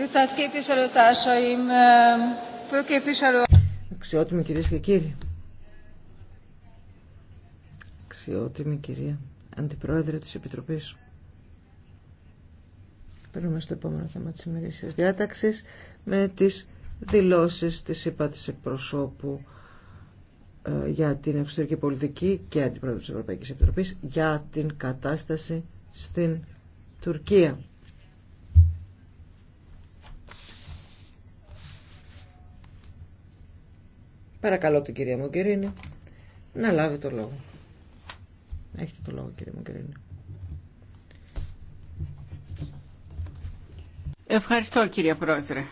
Tisztelt képviselőtársaim, Αξιότιμοι κυρίες και κύριοι. Αξιότιμη κυρία Αντιπρόεδρε της Επιτροπής. Παίρνουμε στο επόμενο θέμα της ημερήσιας διάταξης με τις δηλώσεις της ΥΠΑ της εκπροσώπου ε, για την εξωτερική πολιτική και Αντιπρόεδρε της Ευρωπαϊκής Επιτροπής για την κατάσταση στην Τουρκία. Παρακαλώ την κυρία Μογκερίνη να λάβει το λόγο. Έχετε το λόγο κύριε Μογκερίνη. Ευχαριστώ κύριε Πρόεδρε.